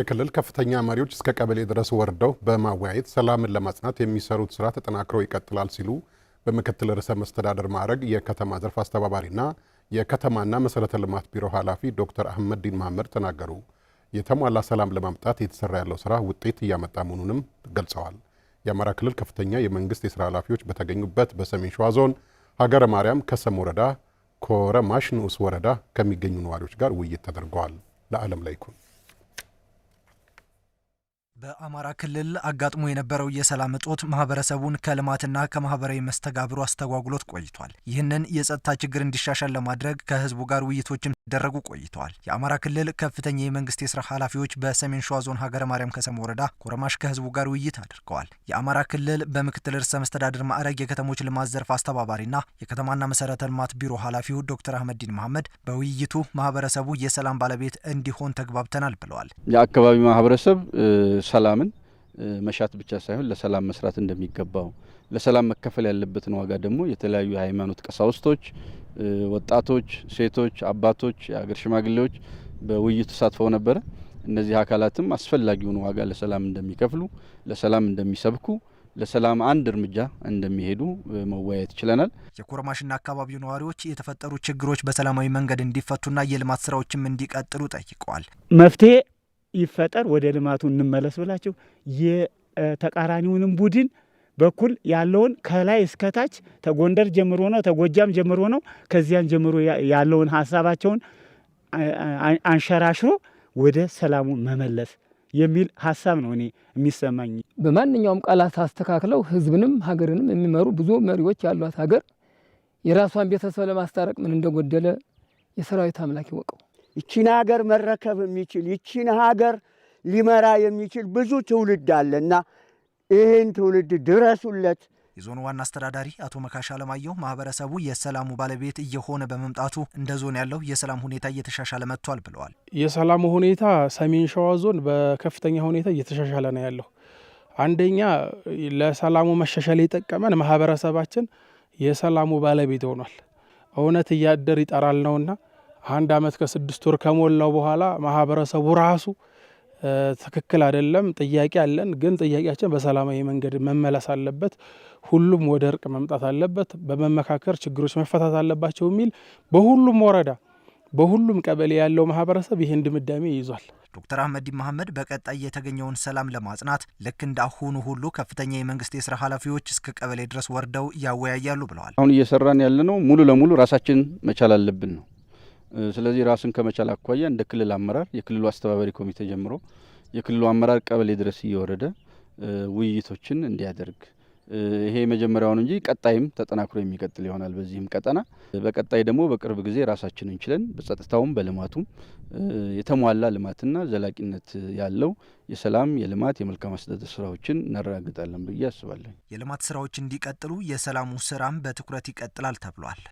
የክልል ከፍተኛ መሪዎች እስከ ቀበሌ ድረስ ወርደው በማወያየት ሰላምን ለማጽናት የሚሰሩት ስራ ተጠናክሮ ይቀጥላል ሲሉ በምክትል ርዕሰ መስተዳደር ማዕረግ የከተማ ዘርፍ አስተባባሪና የከተማና መሰረተ ልማት ቢሮ ኃላፊ ዶክተር አህመድ ዲን መሐመድ ተናገሩ። የተሟላ ሰላም ለማምጣት የተሰራ ያለው ስራ ውጤት እያመጣ መሆኑንም ገልጸዋል። የአማራ ክልል ከፍተኛ የመንግስት የስራ ኃላፊዎች በተገኙበት በሰሜን ሸዋ ዞን ሀገረ ማርያም ከሰም ወረዳ ኮረማሽ ንዑስ ወረዳ ከሚገኙ ነዋሪዎች ጋር ውይይት ተደርገዋል። ለዓለም ላይ ይኩን በአማራ ክልል አጋጥሞ የነበረው የሰላም እጦት ማህበረሰቡን ከልማትና ከማህበራዊ መስተጋብሩ አስተጓጉሎት ቆይቷል። ይህንን የጸጥታ ችግር እንዲሻሻል ለማድረግ ከህዝቡ ጋር ውይይቶችም ሲደረጉ ቆይተዋል። የአማራ ክልል ከፍተኛ የመንግስት የስራ ኃላፊዎች በሰሜን ሸዋ ዞን ሀገረ ማርያም ከሰም ወረዳ ኮረማሽ ከህዝቡ ጋር ውይይት አድርገዋል። የአማራ ክልል በምክትል ርዕሰ መስተዳድር ማዕረግ የከተሞች ልማት ዘርፍ አስተባባሪና የከተማና መሰረተ ልማት ቢሮ ኃላፊው ዶክተር አህመዲን መሐመድ በውይይቱ ማህበረሰቡ የሰላም ባለቤት እንዲሆን ተግባብተናል ብለዋል። የአካባቢ ማህበረሰብ ሰላምን መሻት ብቻ ሳይሆን ለሰላም መስራት እንደሚገባው ለሰላም መከፈል ያለበትን ዋጋ ደግሞ የተለያዩ የሃይማኖት ቀሳውስቶች፣ ወጣቶች፣ ሴቶች፣ አባቶች፣ የሀገር ሽማግሌዎች በውይይት ተሳትፈው ነበረ። እነዚህ አካላትም አስፈላጊውን ዋጋ ለሰላም እንደሚከፍሉ፣ ለሰላም እንደሚሰብኩ ለሰላም አንድ እርምጃ እንደሚሄዱ መወያየት ችለናል። የኮረማሽና አካባቢው ነዋሪዎች የተፈጠሩ ችግሮች በሰላማዊ መንገድ እንዲፈቱና የልማት ስራዎችም እንዲቀጥሉ ጠይቀዋል። መፍትሄ ይፈጠር ወደ ልማቱ እንመለስ ብላችሁ የተቃራኒውንም ቡድን በኩል ያለውን ከላይ እስከታች ተጎንደር ጀምሮ ነው ተጎጃም ጀምሮ ነው ከዚያን ጀምሮ ያለውን ሀሳባቸውን አንሸራሽሮ ወደ ሰላሙ መመለስ የሚል ሀሳብ ነው እኔ የሚሰማኝ። በማንኛውም ቃላት አስተካክለው ህዝብንም ሀገርንም የሚመሩ ብዙ መሪዎች ያሏት ሀገር የራሷን ቤተሰብ ለማስታረቅ ምን እንደጎደለ የሰራዊት አምላክ ይወቀው። ይቺን ሀገር መረከብ የሚችል ይቺን ሀገር ሊመራ የሚችል ብዙ ትውልድ አለና ይህን ትውልድ ድረሱለት። የዞኑ ዋና አስተዳዳሪ አቶ መካሻ አለማየሁ ማህበረሰቡ የሰላሙ ባለቤት እየሆነ በመምጣቱ እንደ ዞን ያለው የሰላም ሁኔታ እየተሻሻለ መጥቷል ብለዋል። የሰላሙ ሁኔታ ሰሜን ሸዋ ዞን በከፍተኛ ሁኔታ እየተሻሻለ ነው ያለው። አንደኛ ለሰላሙ መሻሻል የጠቀመን ማህበረሰባችን የሰላሙ ባለቤት ሆኗል። እውነት እያደር ይጠራል ነውና አንድ አመት ከስድስት ወር ከሞላው በኋላ ማህበረሰቡ ራሱ ትክክል አይደለም፣ ጥያቄ አለን፣ ግን ጥያቄያችን በሰላማዊ መንገድ መመለስ አለበት፣ ሁሉም ወደ እርቅ መምጣት አለበት፣ በመመካከር ችግሮች መፈታት አለባቸው የሚል በሁሉም ወረዳ በሁሉም ቀበሌ ያለው ማህበረሰብ ይህን ድምዳሜ ይዟል። ዶክተር አህመዲን መሐመድ በቀጣይ የተገኘውን ሰላም ለማጽናት ልክ እንደ አሁኑ ሁሉ ከፍተኛ የመንግስት የስራ ኃላፊዎች እስከ ቀበሌ ድረስ ወርደው ያወያያሉ ብለዋል። አሁን እየሰራን ያለነው ሙሉ ለሙሉ ራሳችን መቻል አለብን ነው ስለዚህ ራስን ከመቻል አኳያ እንደ ክልል አመራር የክልሉ አስተባባሪ ኮሚቴ ጀምሮ የክልሉ አመራር ቀበሌ ድረስ እየወረደ ውይይቶችን እንዲያደርግ ይሄ መጀመሪያውን እንጂ ቀጣይም ተጠናክሮ የሚቀጥል ይሆናል። በዚህም ቀጠና በቀጣይ ደግሞ በቅርብ ጊዜ ራሳችንን ችለን በጸጥታውም በልማቱም የተሟላ ልማትና ዘላቂነት ያለው የሰላም የልማት የመልካም አስተዳደር ስራዎችን እናረጋግጣለን ብዬ አስባለሁ። የልማት ስራዎች እንዲቀጥሉ የሰላሙ ስራም በትኩረት ይቀጥላል ተብሏል።